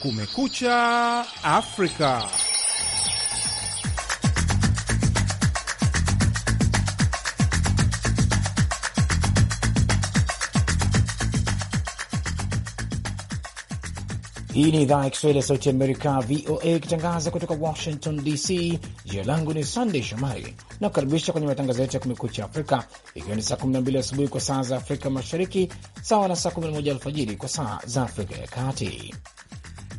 Kumekucha Afrika. Hii ni idhaa ya Kiswahili ya Sauti Amerika, VOA, ikitangaza kutoka Washington DC. Jina langu ni Sandey Shomari na kukaribisha kwenye matangazo yetu ya Kumekucha Afrika, ikiwa ni saa 12 asubuhi kwa saa za Afrika Mashariki, sawa na saa 11 alfajiri kwa saa za Afrika ya Kati.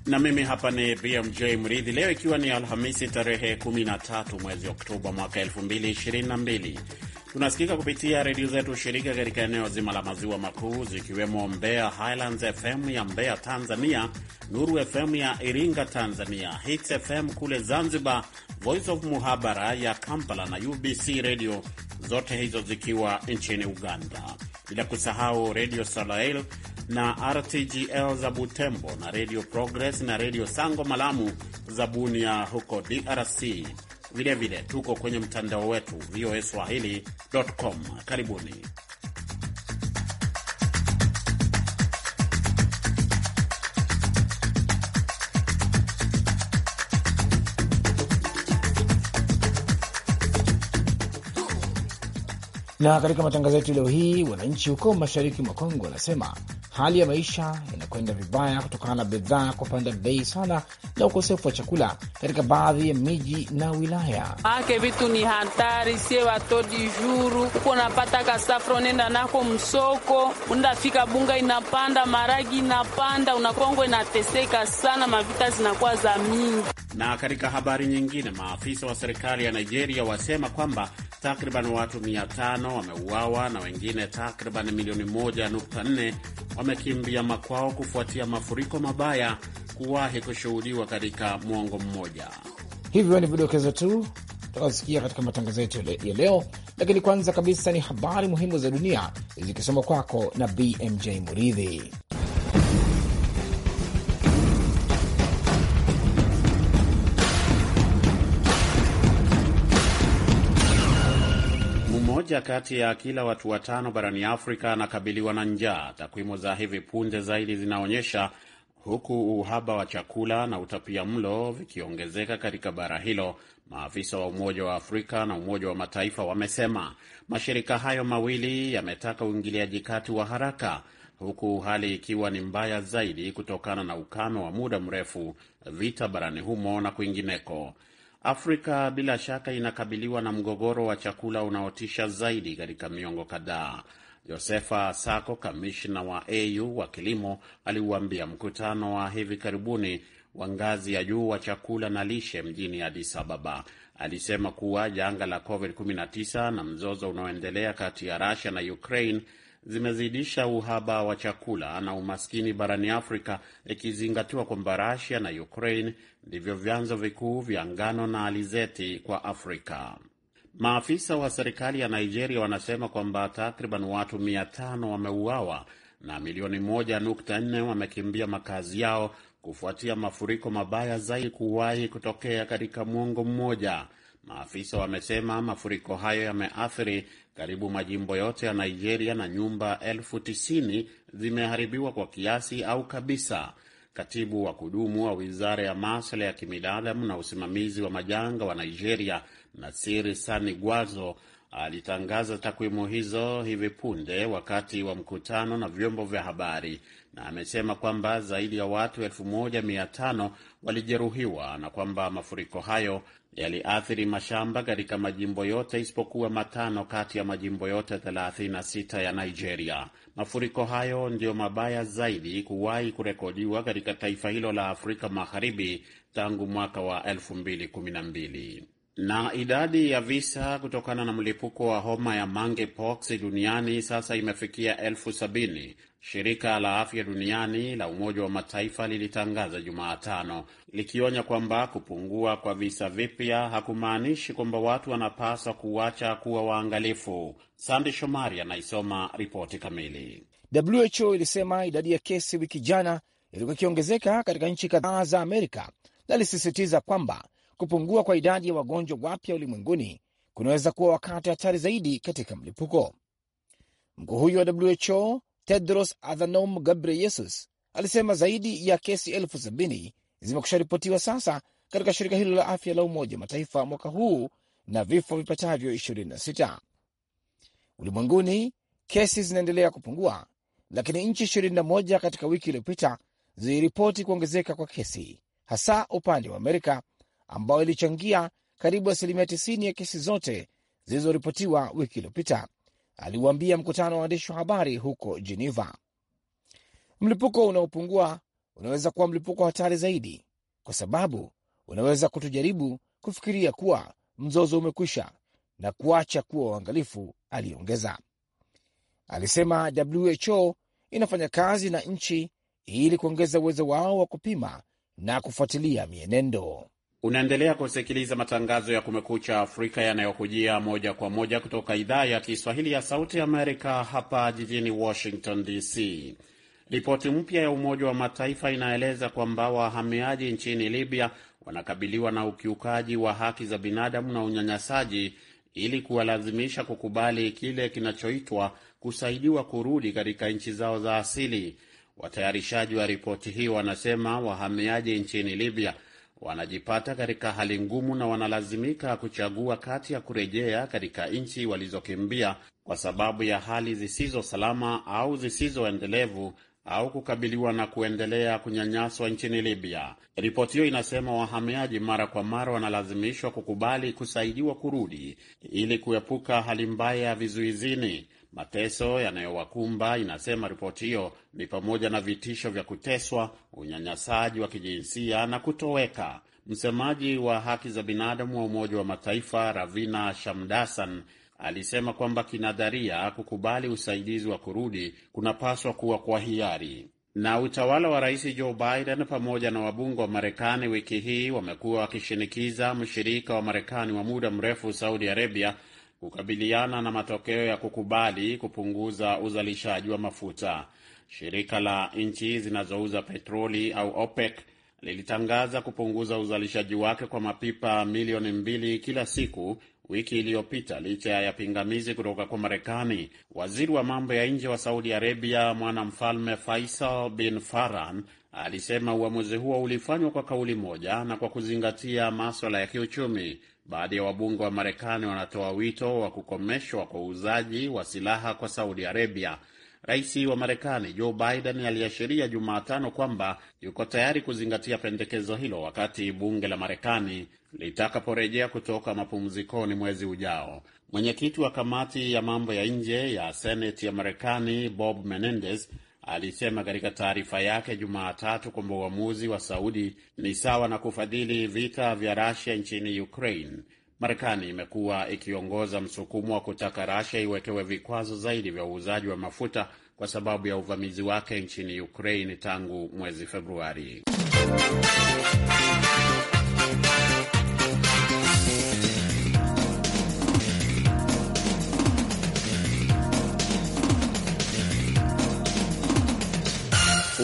Na mimi hapa ni BMJ Mridhi. Leo ikiwa ni Alhamisi tarehe 13 mwezi Oktoba mwaka 2022 Tunasikika kupitia redio zetu shirika katika eneo zima la maziwa makuu zikiwemo Mbeya Highlands FM ya Mbeya Tanzania, Nuru FM ya Iringa Tanzania, Hits FM kule Zanzibar, Voice of Muhabara ya Kampala na UBC Radio, zote hizo zikiwa nchini Uganda, bila kusahau Redio Salael na RTGL za Butembo na Redio Progress na Redio Sango Malamu za Bunia huko DRC. Vilevile tuko kwenye mtandao wetu voa swahili.com. Karibuni. Na katika matangazo yetu leo hii, wananchi huko mashariki mwa Kongo wanasema hali ya maisha inakwenda vibaya kutokana na bidhaa kupanda bei sana na ukosefu wa chakula katika baadhi ya miji na wilaya. Ake vitu ni hatari, sie watodi juru huko napata kasafro, nenda nako msoko, unafika bunga inapanda, maragi inapanda, unakongo inateseka sana, mavita zinakuwa za mingi. Na katika habari nyingine, maafisa wa serikali ya Nigeria wasema kwamba Takriban watu 500 wameuawa na wengine takriban milioni 1.4 wamekimbia makwao kufuatia mafuriko mabaya kuwahi kushuhudiwa katika mwongo mmoja. Hivyo ni vidokezo tu tutawasikia katika matangazo yetu ya leo, lakini kwanza kabisa ni habari muhimu za dunia zikisoma kwako na BMJ Muridhi. mmoja kati ya kila watu watano barani Afrika anakabiliwa na njaa, takwimu za hivi punde zaidi zinaonyesha, huku uhaba wa chakula na utapia mlo vikiongezeka katika bara hilo, maafisa wa Umoja wa Afrika na Umoja wa Mataifa wamesema. Mashirika hayo mawili yametaka uingiliaji kati wa haraka, huku hali ikiwa ni mbaya zaidi kutokana na ukame wa muda mrefu, vita barani humo na kwingineko. Afrika bila shaka inakabiliwa na mgogoro wa chakula unaotisha zaidi katika miongo kadhaa. Josefa Sako, kamishna wa AU wa kilimo, aliuambia mkutano wa hivi karibuni wa ngazi ya juu wa chakula na lishe mjini Addis Ababa. Alisema kuwa janga la COVID-19 na mzozo unaoendelea kati ya Russia na Ukraine zimezidisha uhaba wa chakula na umaskini barani Afrika, ikizingatiwa kwamba Rusia na Ukraine ndivyo vyanzo vikuu vya ngano na alizeti kwa Afrika. Maafisa wa serikali ya Nigeria wanasema kwamba takriban watu 500 wameuawa na milioni 1.4 wamekimbia makazi yao kufuatia mafuriko mabaya zaidi kuwahi kutokea katika mwongo mmoja. Maafisa wamesema mafuriko hayo yameathiri karibu majimbo yote ya Nigeria na nyumba elfu tisini zimeharibiwa kwa kiasi au kabisa. Katibu wa kudumu wa wizara ya masuala ya kibinadamu na usimamizi wa majanga wa Nigeria, Nasiri Sani Gwazo, alitangaza takwimu hizo hivi punde wakati wa mkutano na vyombo vya habari, na amesema kwamba zaidi ya watu elfu moja mia tano walijeruhiwa na kwamba mafuriko hayo yaliathiri mashamba katika majimbo yote isipokuwa matano kati ya majimbo yote 36 ya Nigeria. Mafuriko hayo ndiyo mabaya zaidi kuwahi kurekodiwa katika taifa hilo la Afrika Magharibi tangu mwaka wa na idadi ya visa kutokana na mlipuko wa homa ya monkeypox duniani sasa imefikia elfu sabini. Shirika la Afya Duniani la Umoja wa Mataifa lilitangaza Jumatano likionya kwamba kupungua kwa visa vipya hakumaanishi kwamba watu wanapaswa kuacha kuwa waangalifu. Sandi Shomari anaisoma ripoti kamili. WHO ilisema idadi ya kesi wiki jana ilikuwa ikiongezeka katika nchi kadhaa za Amerika na ilisisitiza kwamba kupungua kwa idadi ya wagonjwa wapya ulimwenguni kunaweza kuwa wakati hatari zaidi katika mlipuko. Mkuu huyo wa WHO Tedros Adhanom Ghebreyesus alisema zaidi ya kesi elfu sabini zimekusha ripotiwa sasa katika shirika hilo la afya la Umoja Mataifa mwaka huu na vifo vipatavyo 26. Ulimwenguni kesi zinaendelea kupungua, lakini nchi 21 katika wiki iliyopita ziliripoti kuongezeka kwa kesi, hasa upande wa Amerika ambayo ilichangia karibu asilimia 90 ya kesi zote zilizoripotiwa wiki iliyopita, aliuambia mkutano wa waandishi wa habari huko Geneva. Mlipuko unaopungua unaweza kuwa mlipuko hatari zaidi, kwa sababu unaweza kutujaribu kufikiria kuwa mzozo umekwisha na kuacha kuwa uangalifu, aliongeza. Alisema WHO inafanya kazi na nchi ili kuongeza uwezo wao wa kupima na kufuatilia mienendo. Unaendelea kusikiliza matangazo ya Kumekucha Afrika yanayokujia moja kwa moja kutoka idhaa ya Kiswahili ya Sauti Amerika, hapa jijini Washington DC. Ripoti mpya ya Umoja wa Mataifa inaeleza kwamba wahamiaji nchini Libya wanakabiliwa na ukiukaji wa haki za binadamu na unyanyasaji ili kuwalazimisha kukubali kile kinachoitwa kusaidiwa kurudi katika nchi zao za asili. Watayarishaji wa ripoti hiyo wanasema wahamiaji nchini Libya wanajipata katika hali ngumu na wanalazimika kuchagua kati ya kurejea katika nchi walizokimbia kwa sababu ya hali zisizo salama au zisizoendelevu au kukabiliwa na kuendelea kunyanyaswa nchini Libya. Ripoti hiyo inasema wahamiaji mara kwa mara wanalazimishwa kukubali kusaidiwa kurudi ili kuepuka hali mbaya ya vizuizini. Mateso yanayowakumba inasema ripoti hiyo ni pamoja na vitisho vya kuteswa, unyanyasaji wa kijinsia na kutoweka. Msemaji wa haki za binadamu wa Umoja wa Mataifa Ravina Shamdasan alisema kwamba kinadharia kukubali usaidizi wa kurudi kunapaswa kuwa kwa hiari. Na utawala wa rais Joe Biden pamoja na wabunge wa Marekani wiki hii wamekuwa wakishinikiza mshirika wa Marekani wa muda mrefu Saudi Arabia kukabiliana na matokeo ya kukubali kupunguza uzalishaji wa mafuta. Shirika la nchi zinazouza petroli au OPEC lilitangaza kupunguza uzalishaji wake kwa mapipa milioni mbili kila siku wiki iliyopita licha ya pingamizi kutoka kwa Marekani. Waziri wa mambo ya nje wa Saudi Arabia, mwanamfalme Faisal bin Farhan, alisema uamuzi huo ulifanywa kwa kauli moja na kwa kuzingatia maswala ya kiuchumi. Baadhi ya wabunge wa Marekani wanatoa wito wa kukomeshwa kwa uuzaji wa silaha kwa Saudi Arabia Rais wa Marekani Joe Biden aliashiria Jumatano kwamba yuko tayari kuzingatia pendekezo hilo wakati bunge la Marekani litakaporejea kutoka mapumzikoni mwezi ujao. Mwenyekiti wa kamati ya mambo ya nje ya Seneti ya Marekani Bob Menendez alisema katika taarifa yake Jumatatu kwamba uamuzi wa Saudi ni sawa na kufadhili vita vya Rusia nchini Ukraine. Marekani imekuwa ikiongoza msukumo wa kutaka Russia iwekewe vikwazo zaidi vya uuzaji wa mafuta kwa sababu ya uvamizi wake nchini Ukraine tangu mwezi Februari.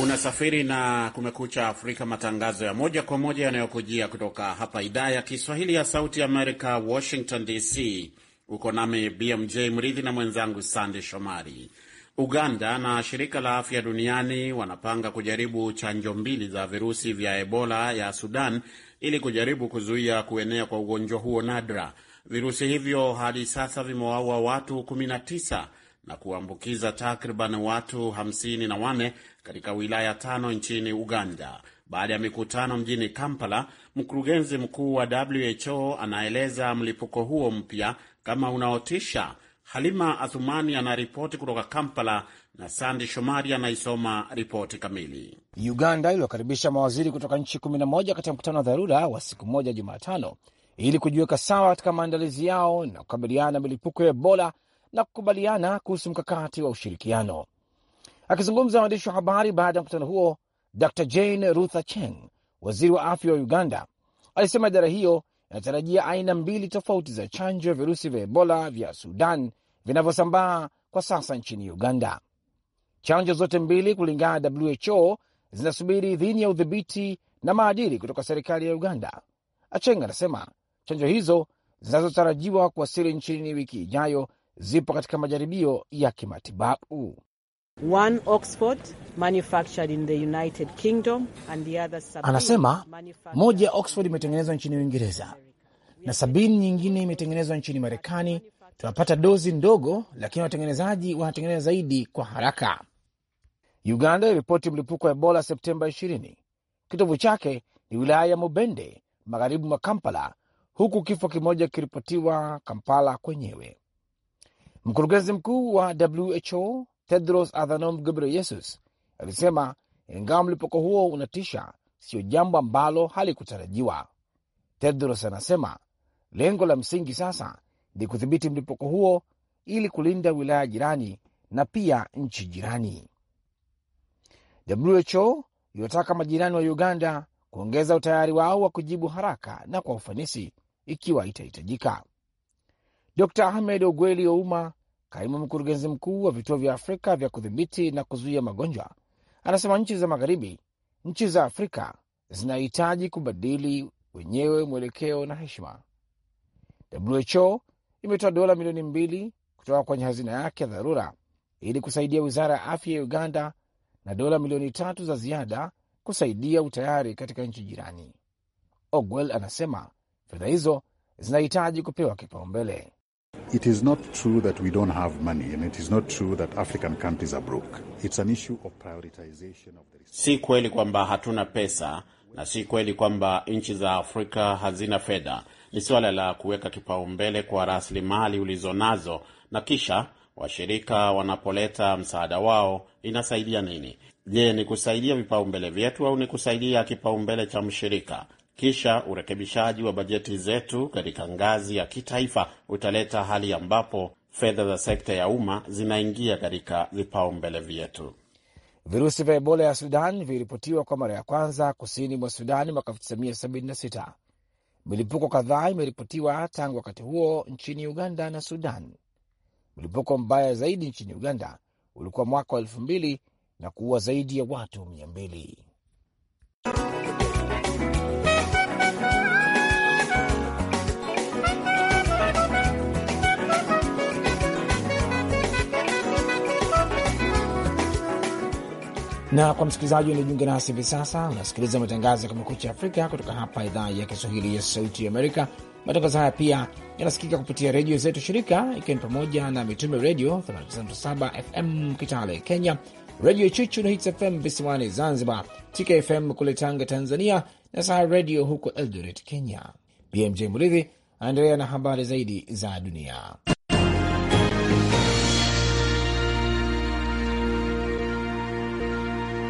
Unasafiri na Kumekucha Afrika, matangazo ya moja kwa moja yanayokujia kutoka hapa idhaa ya Kiswahili ya Sauti Amerika, Washington DC. Uko nami BMJ Mridhi na mwenzangu Sande Shomari. Uganda na shirika la afya duniani wanapanga kujaribu chanjo mbili za virusi vya Ebola ya Sudan ili kujaribu kuzuia kuenea kwa ugonjwa huo nadra. Virusi hivyo hadi sasa vimewaua watu 19 na kuambukiza takriban watu 54 katika wilaya tano nchini Uganda. Baada ya mikutano mjini Kampala, mkurugenzi mkuu wa WHO anaeleza mlipuko huo mpya kama unaotisha. Halima Athumani anaripoti kutoka Kampala na Sandi Shomari anaisoma ripoti kamili. Uganda iliwakaribisha mawaziri kutoka nchi 11 katika mkutano wa dharura wa siku moja Jumatano ili kujiweka sawa katika maandalizi yao na kukabiliana na milipuko ya Ebola na kukubaliana kuhusu mkakati wa ushirikiano. Akizungumza waandishi wa habari baada ya mkutano huo, Dr Jane Ruth Acheng, waziri wa afya wa Uganda, alisema idara hiyo inatarajia aina mbili tofauti za chanjo ya virusi vya Ebola vya Sudan vinavyosambaa kwa sasa nchini Uganda. Chanjo zote mbili kulingana na WHO zinasubiri idhini ya udhibiti na maadili kutoka serikali ya Uganda. Acheng anasema chanjo hizo zinazotarajiwa kuwasili nchini wiki ijayo zipo katika majaribio ya kimatibabu. One Oxford manufactured in the United Kingdom and the other Sabine. Anasema moja ya Oxford imetengenezwa nchini Uingereza na sabini nyingine imetengenezwa nchini Marekani. Tunapata dozi ndogo, lakini watengenezaji wanatengeneza zaidi kwa haraka. Uganda iliripoti mlipuko wa Ebola Septemba 20. Kitovu chake ni wilaya ya Mubende magharibi mwa Kampala, huku kifo kimoja kiripotiwa Kampala kwenyewe. Mkurugenzi mkuu wa WHO Tedros Adhanom Ghebreyesus alisema ingawa mlipuko huo unatisha, siyo jambo ambalo halikutarajiwa. Tedros anasema lengo la msingi sasa ni kudhibiti mlipuko huo ili kulinda wilaya jirani na pia nchi jirani. WHO iwataka majirani wa Uganda kuongeza utayari wao wa kujibu haraka na kwa ufanisi ikiwa itahitajika. Dr Ahmed Ogweli Ouma Kaimu mkurugenzi mkuu wa vituo vya Afrika vya kudhibiti na kuzuia magonjwa anasema nchi za magharibi, nchi za Afrika zinahitaji kubadili wenyewe mwelekeo na heshima. WHO imetoa dola milioni mbili kutoka kwenye hazina yake ya dharura ili kusaidia wizara ya afya ya Uganda na dola milioni tatu za ziada kusaidia utayari katika nchi jirani. Ogwell anasema fedha hizo zinahitaji kupewa kipaumbele. It is not true that we don't have money and it is not true that African countries are broke. It's an issue of prioritization of the Si kweli kwamba hatuna pesa na si kweli kwamba nchi za Afrika hazina fedha. Ni suala la kuweka kipaumbele kwa rasilimali ulizonazo na kisha washirika wanapoleta msaada wao inasaidia nini? Je, ni kusaidia vipaumbele vyetu au ni kusaidia kipaumbele cha mshirika? Kisha urekebishaji wa bajeti zetu katika ngazi ya kitaifa utaleta hali ambapo fedha za sekta ya umma zinaingia katika vipaumbele vyetu. Virusi vya Ebola ya Sudan viliripotiwa kwa mara ya kwanza kusini mwa Sudan mwaka 1976. Milipuko kadhaa imeripotiwa tangu wakati huo nchini Uganda na Sudan. Mlipuko mbaya zaidi nchini Uganda ulikuwa mwaka wa elfu mbili na kuua zaidi ya watu mia mbili. Na kwa msikilizaji unajiunga nasi hivi sasa, unasikiliza matangazo ya Kumekucha Afrika kutoka hapa idhaa ya Kiswahili ya Sauti ya Amerika. Matangazo haya pia yanasikika kupitia redio zetu shirika, ikiwa ni pamoja na Mitume Redio 97 FM Kitale Kenya, Redio Chuchu na Hits FM visiwani Zanzibar, TKFM kule Tanga Tanzania, na saa Redio huko Eldoret Kenya. BMJ mridhi anaendelea na habari zaidi za dunia.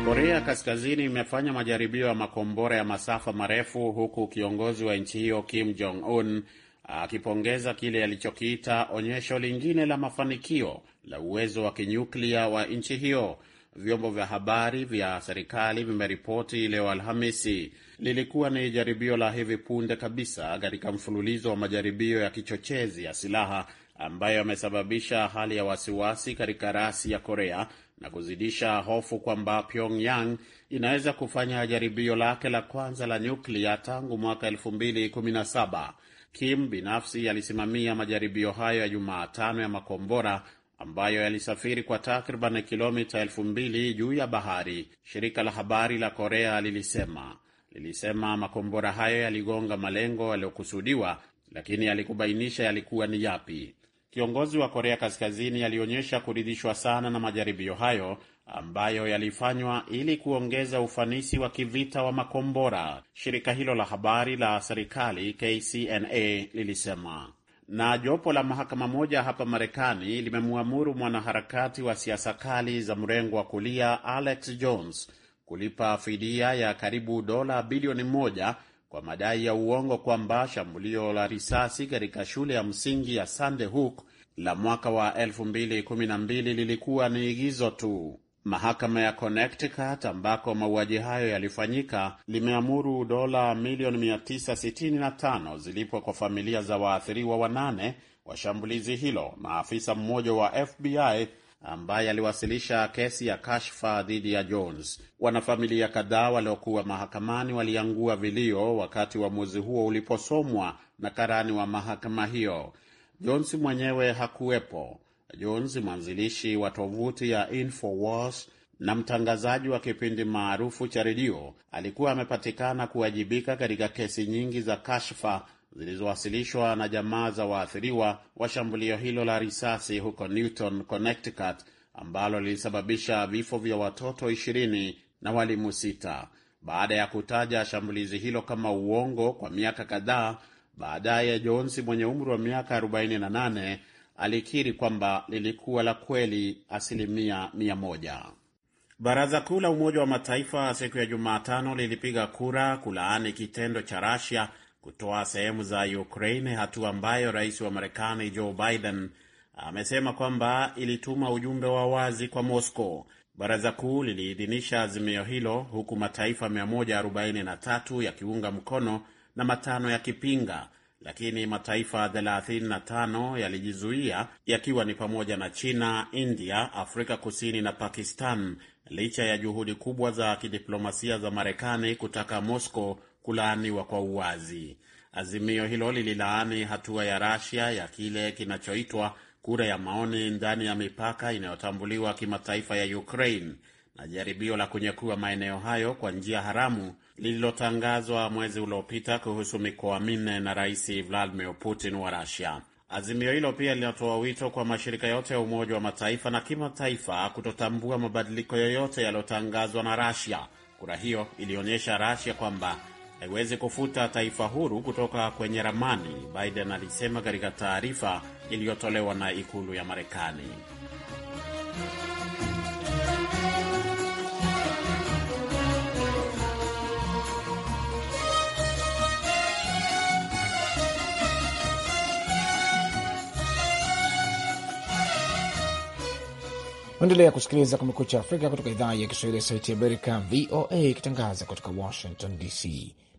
Korea Kaskazini imefanya majaribio ya makombora ya masafa marefu huku kiongozi wa nchi hiyo Kim Jong Un akipongeza kile alichokiita onyesho lingine la mafanikio la uwezo wa kinyuklia wa nchi hiyo. Vyombo vya habari vya serikali vimeripoti leo Alhamisi. Lilikuwa ni jaribio la hivi punde kabisa katika mfululizo wa majaribio ya kichochezi ya silaha ambayo yamesababisha hali ya wasiwasi katika rasi ya Korea na kuzidisha hofu kwamba Pyongyang inaweza kufanya jaribio lake la kwanza la nyuklia tangu mwaka 2017. Kim binafsi alisimamia majaribio hayo ya Jumatano ya makombora ambayo yalisafiri kwa takriban kilomita 2000 juu ya bahari, shirika la habari la Korea lilisema lilisema makombora hayo yaligonga malengo yaliyokusudiwa, lakini yalikubainisha yalikuwa ni yapi. Kiongozi wa Korea Kaskazini alionyesha kuridhishwa sana na majaribio hayo ambayo yalifanywa ili kuongeza ufanisi wa kivita wa makombora, shirika hilo la habari la serikali KCNA lilisema. Na jopo la mahakama moja hapa Marekani limemwamuru mwanaharakati wa siasa kali za mrengo wa kulia Alex Jones kulipa fidia ya karibu dola bilioni moja kwa madai ya uongo kwamba shambulio la risasi katika shule ya msingi ya Sandy Hook la mwaka wa 2012 lilikuwa ni igizo tu. Mahakama ya Connecticut ambako mauaji hayo yalifanyika limeamuru dola milioni 965 zilipwe kwa familia za waathiriwa wanane wa shambulizi hilo. Maafisa mmoja wa FBI ambaye aliwasilisha kesi ya kashfa dhidi ya Jones. Wanafamilia kadhaa waliokuwa mahakamani waliangua vilio wakati uamuzi wa huo uliposomwa na karani wa mahakama hiyo. Jones mwenyewe hakuwepo. Jones, mwanzilishi wa tovuti ya Infowars na mtangazaji wa kipindi maarufu cha redio, alikuwa amepatikana kuwajibika katika kesi nyingi za kashfa zilizowasilishwa na jamaa za waathiriwa wa shambulio hilo la risasi huko Newton, Connecticut, ambalo lilisababisha vifo vya watoto 20 na walimu sita. Baada ya kutaja shambulizi hilo kama uongo kwa miaka kadhaa, baadaye Jones mwenye umri wa miaka 48 alikiri kwamba lilikuwa la kweli asilimia mia moja. Baraza Kuu la Umoja wa Mataifa siku ya Jumatano lilipiga kura kulaani kitendo cha Rasia kutoa sehemu za Ukraine, hatua ambayo rais wa Marekani Joe Biden amesema kwamba ilituma ujumbe wa wazi kwa Moscow. Baraza kuu liliidhinisha azimio hilo huku mataifa 143 yakiunga mkono na matano yakipinga, lakini mataifa 35 yalijizuia yakiwa ni pamoja na China, India, Afrika Kusini na Pakistan, licha ya juhudi kubwa za kidiplomasia za Marekani kutaka Moscow kulaaniwa kwa uwazi. Azimio hilo lililaani hatua ya Rasia ya kile kinachoitwa kura ya maoni ndani ya mipaka inayotambuliwa kimataifa ya Ukraine na jaribio la kunyakua maeneo hayo kwa njia haramu lililotangazwa mwezi uliopita kuhusu mikoa minne na Rais Vladimir Putin wa Rasia. Azimio hilo pia linatoa wito kwa mashirika yote ya Umoja wa Mataifa na kimataifa kutotambua mabadiliko yoyote yaliyotangazwa na Rasia. Kura hiyo ilionyesha Rasia kwamba haiwezi kufuta taifa huru kutoka kwenye ramani, Biden alisema katika taarifa iliyotolewa na ikulu ya Marekani. Endelea kusikiliza Kumekucha Afrika kutoka idhaa ya Kiswahili ya Sauti Amerika, VOA, ikitangaza kutoka Washington DC.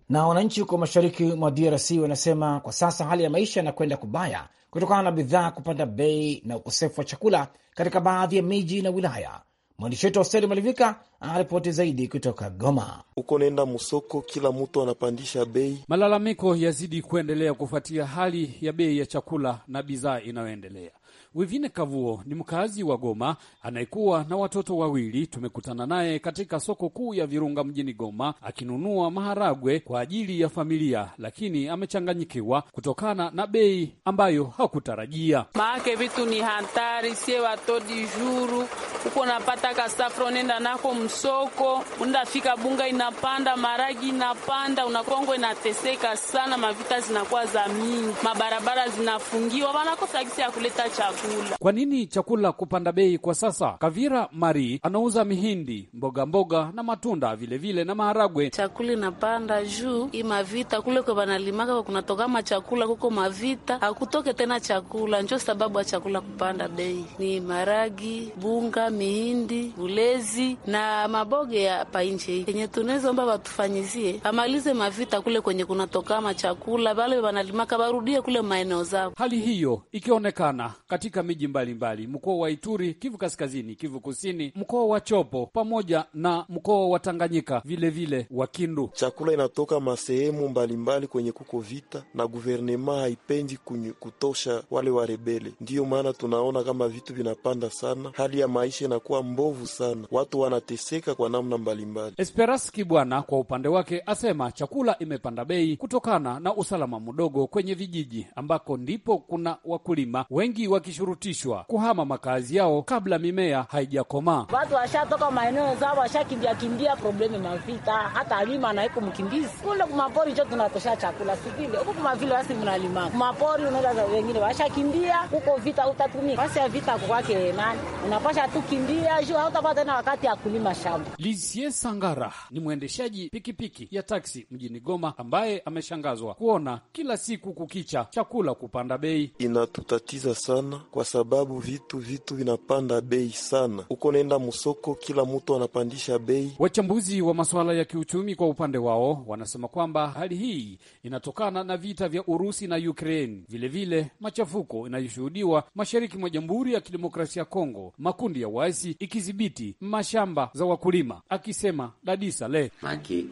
Na wananchi huko mashariki mwa DRC wanasema kwa sasa hali ya maisha yanakwenda kubaya kutokana na bidhaa kupanda bei na ukosefu wa chakula katika baadhi ya miji na wilaya. Mwandishi wetu Hosteri Malivika anaripoti zaidi kutoka Goma. Huko naenda musoko, kila mtu anapandisha bei. Malalamiko yazidi kuendelea kufuatia hali ya bei ya chakula na bidhaa inayoendelea Wivine Kavuo ni mkazi wa Goma anayekuwa na watoto wawili. Tumekutana naye katika soko kuu ya Virunga mjini Goma akinunua maharagwe kwa ajili ya familia, lakini amechanganyikiwa kutokana na bei ambayo hakutarajia. Maake vitu ni hatari, sie watodi juru huko napata kasafro, nenda nako msoko, undafika bunga inapanda, maragi inapanda, unakongo inateseka sana, mavita zinakuwa za mingi, mabarabara zinafungiwa, wanakosa gisi ya kuleta chakula chakula. Kwa nini chakula kupanda bei kwa sasa? Kavira Mari anauza mihindi, mboga mboga na matunda vilevile vile, na maharagwe. Chakula inapanda juu i mavita kule kwa banalimaka kwa kunatoka chakula kuko mavita hakutoke tena chakula, njo sababu ya chakula kupanda bei ni maragi, bunga, mihindi, ulezi na maboge ya painje yenye tunezomba watufanyizie amalize mavita kule kwenye kunatoka chakula wale wanalimaka warudie kule maeneo zao. Hali hiyo ikionekana katika katika miji mbalimbali, mkoa wa Ituri, Kivu Kaskazini, Kivu Kusini, mkoa wa Chopo pamoja na mkoa wa Tanganyika vilevile wa Kindu. Chakula inatoka masehemu mbalimbali kwenye kuko vita na guvernema haipendi kutosha wale warebele, ndiyo maana tunaona kama vitu vinapanda sana, hali ya maisha inakuwa mbovu sana, watu wanateseka kwa namna mbalimbali. Esperas Kibwana kwa upande wake asema chakula imepanda bei kutokana na usalama mdogo kwenye vijiji ambako ndipo kuna wakulima wengi waki wakishurutishwa kuhama makazi yao kabla mimea haijakomaa. Watu washatoka maeneo zao, washakimbia kimbia, problemi mavita hata alima naiko mkimbizi kule kumapori, cho tunatosha chakula sivile huku vile wasi mnalima kumapori, unaenda wengine washakimbia huko, vita utatumika basi ya vita kwake nani, unapasha tu kimbia juu hautapata tena wakati ya kulima shamba. Lisie Sangara ni mwendeshaji pikipiki ya taksi mjini Goma ambaye ameshangazwa kuona kila siku kukicha chakula kupanda bei. Inatutatiza sana kwa sababu vitu vitu vinapanda bei sana. Uko naenda msoko, kila mtu anapandisha bei. Wachambuzi wa masuala ya kiuchumi kwa upande wao wanasema kwamba hali hii inatokana na vita vya Urusi na Ukraine, vilevile machafuko inayoshuhudiwa mashariki mwa Jamhuri ya Kidemokrasia ya Kongo, makundi ya waasi ikidhibiti mashamba za wakulima, akisema Dadisa le make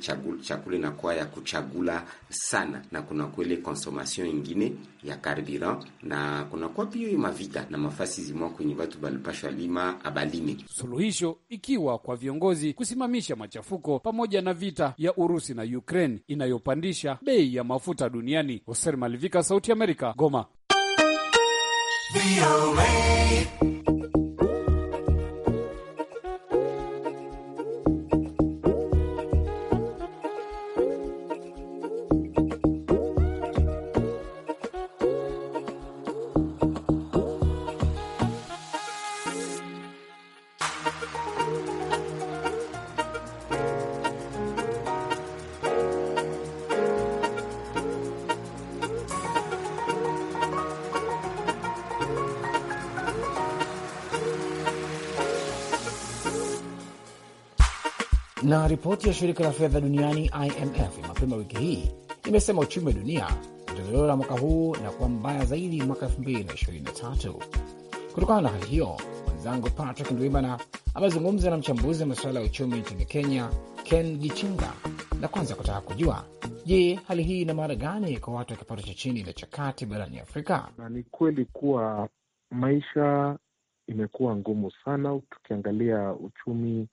chakula inakuwa ya kuchagula sana, na kuna kweli consommation ingine ya carburant na kunakuwa pia mavi vita na mafasi zimwa kwenye watu balipashwa lima abalime. Suluhisho ikiwa kwa viongozi kusimamisha machafuko pamoja na vita ya Urusi na Ukraine inayopandisha bei ya mafuta duniani. Hoser Malivika, Sauti ya Amerika, Goma. Na ripoti ya shirika la fedha duniani IMF ya mapema wiki hii imesema uchumi wa dunia utazorora mwaka huu na kuwa mbaya zaidi mwaka 2023. Kutokana na hali hiyo, mwenzangu Patrick Ndwimana amezungumza na mchambuzi wa masuala ya uchumi nchini Kenya, Ken Gichinga, na kwanza kutaka kujua Je, hali hii ina maana gani kwa watu wa kipato cha chini na cha kati barani Afrika? Na ni kweli kuwa maisha imekuwa ngumu sana, tukiangalia uchumi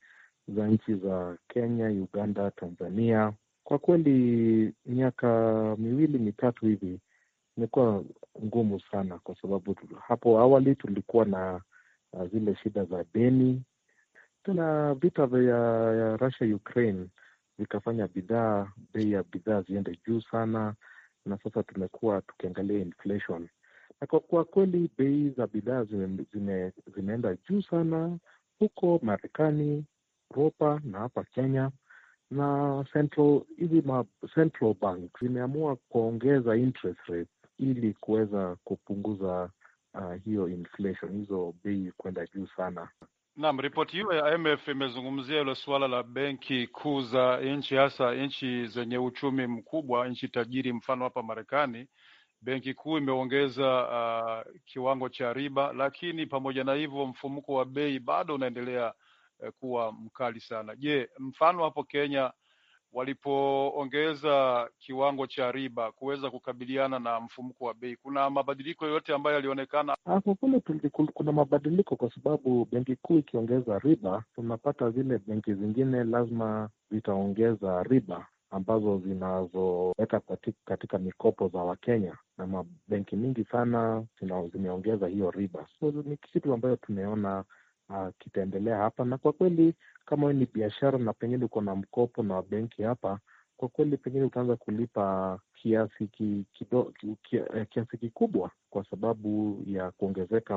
za nchi za Kenya, Uganda, Tanzania. Kwa kweli miaka miwili mitatu hivi imekuwa ngumu sana, kwa sababu hapo awali tulikuwa na uh, zile shida za deni, tena vita vya Russia Ukraine vikafanya bidhaa, bei ya bidhaa ziende juu sana, na sasa tumekuwa tukiangalia inflation na kwa, kwa kweli bei za bidhaa zime, zime, zimeenda juu sana huko Marekani Europa na hapa Kenya na central, hizi ma central bank zimeamua kuongeza interest rate ili kuweza kupunguza uh, hiyo inflation, hizo bei kwenda juu sana. Naam, ripoti hiyo ya IMF imezungumzia ile suala la benki kuu za nchi, hasa nchi zenye uchumi mkubwa, nchi tajiri, mfano hapa Marekani benki kuu imeongeza uh, kiwango cha riba, lakini pamoja na hivyo mfumuko wa bei bado unaendelea Eh, kuwa mkali sana. Je, mfano hapo Kenya walipoongeza kiwango cha riba kuweza kukabiliana na mfumuko wa bei, kuna mabadiliko yoyote ambayo yalionekana? Ah, kwa kule kuna mabadiliko, kwa sababu benki kuu ikiongeza riba, tunapata zile benki zingine lazima zitaongeza riba ambazo zinazoweka katika, katika mikopo za Wakenya na mabenki mingi sana zimeongeza hiyo riba, so ni kitu ambayo tumeona kitaendelea hapa, na kwa kweli kama ni biashara na pengine uko na mkopo na benki hapa, kwa kweli pengine utaanza kulipa kiasi kido, eh, kiasi kikubwa kwa sababu ya kuongezeka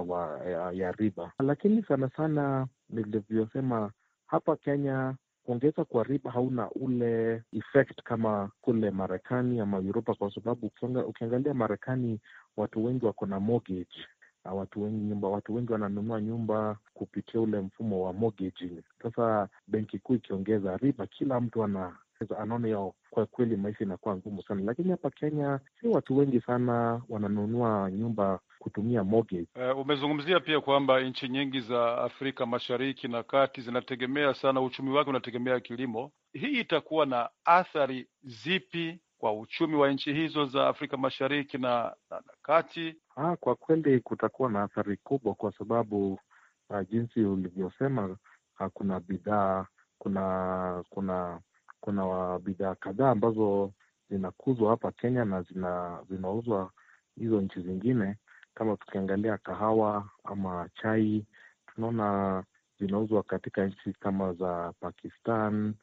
ya, ya riba. Lakini sana sana nilivyosema hapa Kenya kuongeza kwa riba hauna ule effect kama kule Marekani ama Uropa, kwa sababu ukiangalia Marekani watu wengi wako na mortgage Ah, watu wengi nyumba, watu wengi wananunua nyumba kupitia ule mfumo wa mortgaging. Sasa benki kuu ikiongeza riba, kila mtu ana anaona hiyo, kwa kweli maisha inakuwa ngumu sana. Lakini hapa Kenya si watu wengi sana wananunua nyumba kutumia mortgage. Uh, umezungumzia pia kwamba nchi nyingi za Afrika Mashariki na Kati zinategemea sana uchumi wake unategemea kilimo. Hii itakuwa na athari zipi kwa uchumi wa nchi hizo za Afrika Mashariki na, na, na kati? Ha, ah, kwa kweli kutakuwa na athari kubwa kwa sababu uh, jinsi ulivyosema uh, kuna bidhaa kuna kuna kuna bidhaa kadhaa ambazo zinakuzwa hapa Kenya na zina, zinauzwa hizo nchi zingine. Kama tukiangalia kahawa ama chai, tunaona zinauzwa katika nchi kama za Pakistan,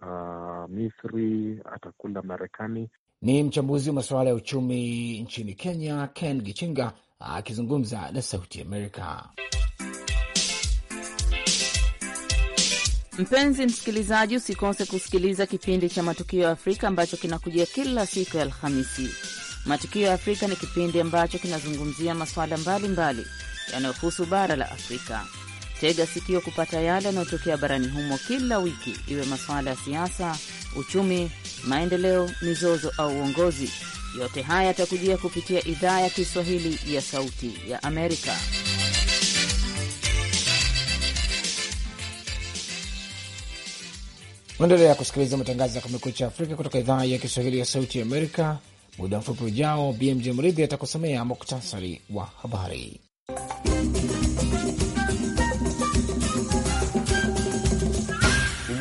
uh, Misri, hata kula Marekani. Ni mchambuzi wa masuala ya uchumi nchini Kenya, Ken Gichinga akizungumza na Sauti Amerika. Mpenzi msikilizaji, usikose kusikiliza kipindi cha Matukio ya Afrika ambacho kinakujia kila siku ya Alhamisi. Matukio ya Afrika ni kipindi ambacho kinazungumzia masuala mbalimbali yanayohusu bara la Afrika. Tega sikio kupata yale yanayotokea barani humo kila wiki, iwe masuala ya siasa, uchumi, maendeleo, mizozo au uongozi. Yote haya yatakujia kupitia idhaa ya Kiswahili ya Sauti ya Amerika. Mwendelea kusikiliza matangazo ya Kumekucha Afrika kutoka idhaa ya Kiswahili ya Sauti ya Amerika. Muda mfupi ujao, BMJ Mridhi atakusomea muktasari wa habari.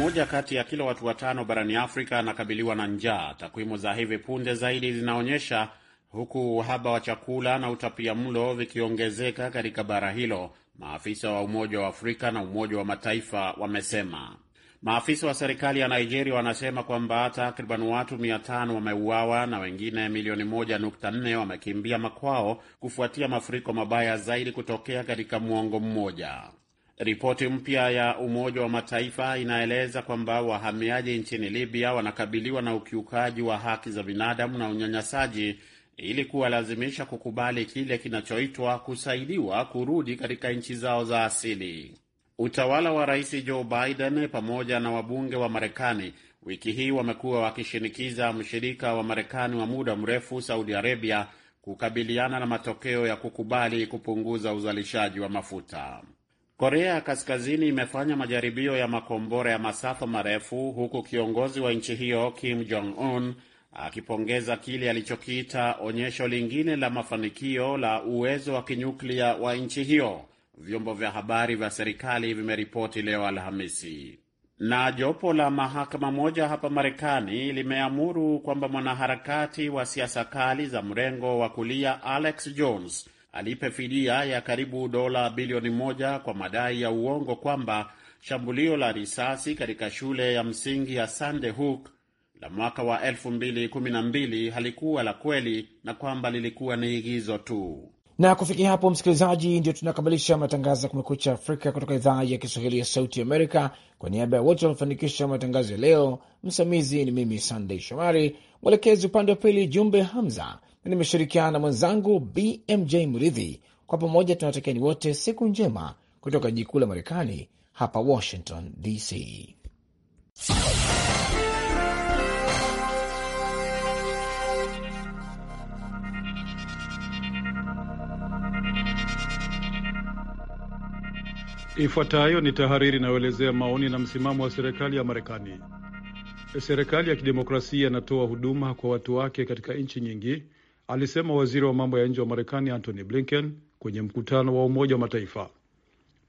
Mmoja kati ya kila watu watano barani Afrika anakabiliwa na njaa, takwimu za hivi punde zaidi zinaonyesha, huku uhaba wa chakula na utapia mlo vikiongezeka katika bara hilo, maafisa wa Umoja wa Afrika na Umoja wa Mataifa wamesema. Maafisa wa serikali ya Nigeria wanasema kwamba takriban watu 500 wameuawa na wengine milioni 1.4 wamekimbia makwao kufuatia mafuriko mabaya zaidi kutokea katika muongo mmoja. Ripoti mpya ya Umoja wa Mataifa inaeleza kwamba wahamiaji nchini Libya wanakabiliwa na ukiukaji wa haki za binadamu na unyanyasaji ili kuwalazimisha kukubali kile kinachoitwa kusaidiwa kurudi katika nchi zao za asili. Utawala wa Rais Joe Biden pamoja na wabunge wa Marekani wiki hii wamekuwa wakishinikiza mshirika wa Marekani wa muda mrefu Saudi Arabia kukabiliana na matokeo ya kukubali kupunguza uzalishaji wa mafuta. Korea Kaskazini imefanya majaribio ya makombora ya masafa marefu huku kiongozi wa nchi hiyo Kim Jong Un akipongeza kile alichokiita onyesho lingine la mafanikio la uwezo wa kinyuklia wa nchi hiyo, vyombo vya habari vya serikali vimeripoti leo Alhamisi. Na jopo la mahakama moja hapa Marekani limeamuru kwamba mwanaharakati wa siasa kali za mrengo wa kulia Alex Jones alipe fidia ya karibu dola bilioni moja kwa madai ya uongo kwamba shambulio la risasi katika shule ya msingi ya Sandy Hook la mwaka wa 2012 halikuwa la kweli na kwamba lilikuwa ni igizo tu. Na kufikia hapo, msikilizaji, ndio tunakamilisha matangazo ya Kumekucha Afrika kutoka idhaa ya Kiswahili ya Sauti Amerika. Kwa niaba ya wote waliofanikisha matangazo ya leo, msimamizi ni mimi Sandei Shomari, mwelekezi upande wa pili Jumbe Hamza na nimeshirikiana na mwenzangu BMJ Mridhi. Kwa pamoja ni wote siku njema kutoka jikuu la Marekani hapa Washington DC. Ifuatayo ni tahariri inayoelezea maoni na msimamo wa serikali ya Marekani. Serikali ya kidemokrasia inatoa huduma kwa watu wake katika nchi nyingi alisema waziri wa mambo ya nje wa Marekani Antony Blinken kwenye mkutano wa Umoja wa Mataifa.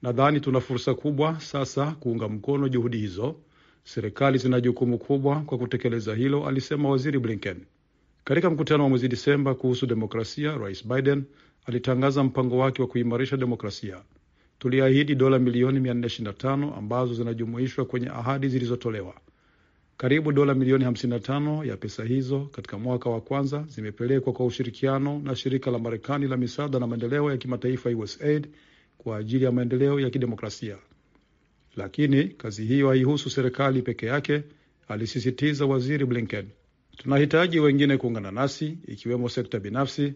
Nadhani tuna fursa kubwa sasa kuunga mkono juhudi hizo. Serikali zina jukumu kubwa kwa kutekeleza hilo, alisema waziri Blinken. Katika mkutano wa mwezi Disemba kuhusu demokrasia, rais Biden alitangaza mpango wake wa kuimarisha demokrasia. Tuliahidi dola milioni 425 ambazo zinajumuishwa kwenye ahadi zilizotolewa. Karibu dola milioni 55 ya pesa hizo katika mwaka wa kwanza zimepelekwa kwa ushirikiano na shirika la Marekani la misaada na maendeleo ya kimataifa USAID kwa ajili ya maendeleo ya kidemokrasia. Lakini kazi hiyo haihusu serikali peke yake, alisisitiza Waziri Blinken. Tunahitaji wengine kuungana nasi, ikiwemo sekta binafsi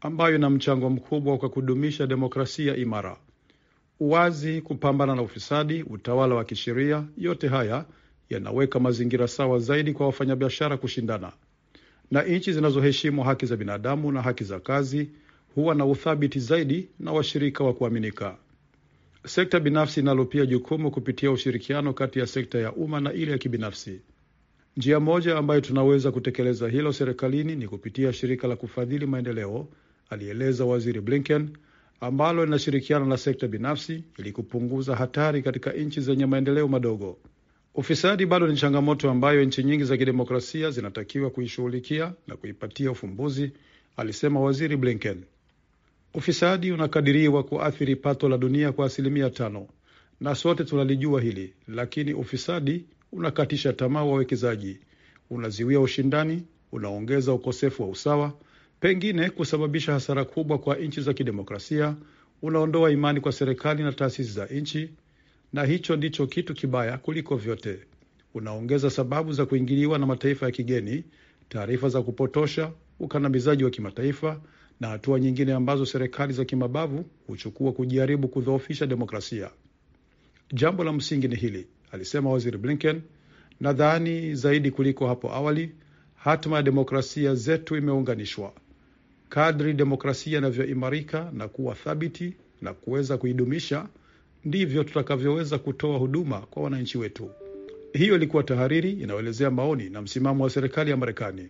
ambayo ina mchango mkubwa kwa kudumisha demokrasia imara. Uwazi, kupambana na ufisadi, utawala wa kisheria, yote haya yanaweka mazingira sawa zaidi kwa wafanyabiashara kushindana, na nchi zinazoheshimu haki za binadamu na haki za kazi huwa na uthabiti zaidi na washirika wa kuaminika. Sekta binafsi inalo pia jukumu kupitia ushirikiano kati ya sekta ya umma na ile ya kibinafsi. Njia moja ambayo tunaweza kutekeleza hilo serikalini ni kupitia shirika la kufadhili maendeleo, alieleza Waziri Blinken, ambalo linashirikiana na sekta binafsi ili kupunguza hatari katika nchi zenye maendeleo madogo. Ufisadi bado ni changamoto ambayo nchi nyingi za kidemokrasia zinatakiwa kuishughulikia na kuipatia ufumbuzi, alisema Waziri Blinken. Ufisadi unakadiriwa kuathiri pato la dunia kwa asilimia tano na sote tunalijua hili, lakini ufisadi unakatisha tamaa wawekezaji, unaziwia ushindani, unaongeza ukosefu wa usawa, pengine kusababisha hasara kubwa kwa nchi za kidemokrasia, unaondoa imani kwa serikali na taasisi za nchi, na hicho ndicho kitu kibaya kuliko vyote. Unaongeza sababu za kuingiliwa na mataifa ya kigeni, taarifa za kupotosha, ukandamizaji wa kimataifa na hatua nyingine ambazo serikali za kimabavu huchukua kujaribu kudhoofisha demokrasia. Jambo la msingi ni hili, alisema Waziri Blinken, nadhani zaidi kuliko hapo awali, hatima ya demokrasia zetu imeunganishwa. Kadri demokrasia inavyoimarika na kuwa thabiti na kuweza kuidumisha, ndivyo tutakavyoweza kutoa huduma kwa wananchi wetu. Hiyo ilikuwa tahariri inayoelezea maoni na msimamo wa serikali ya Marekani.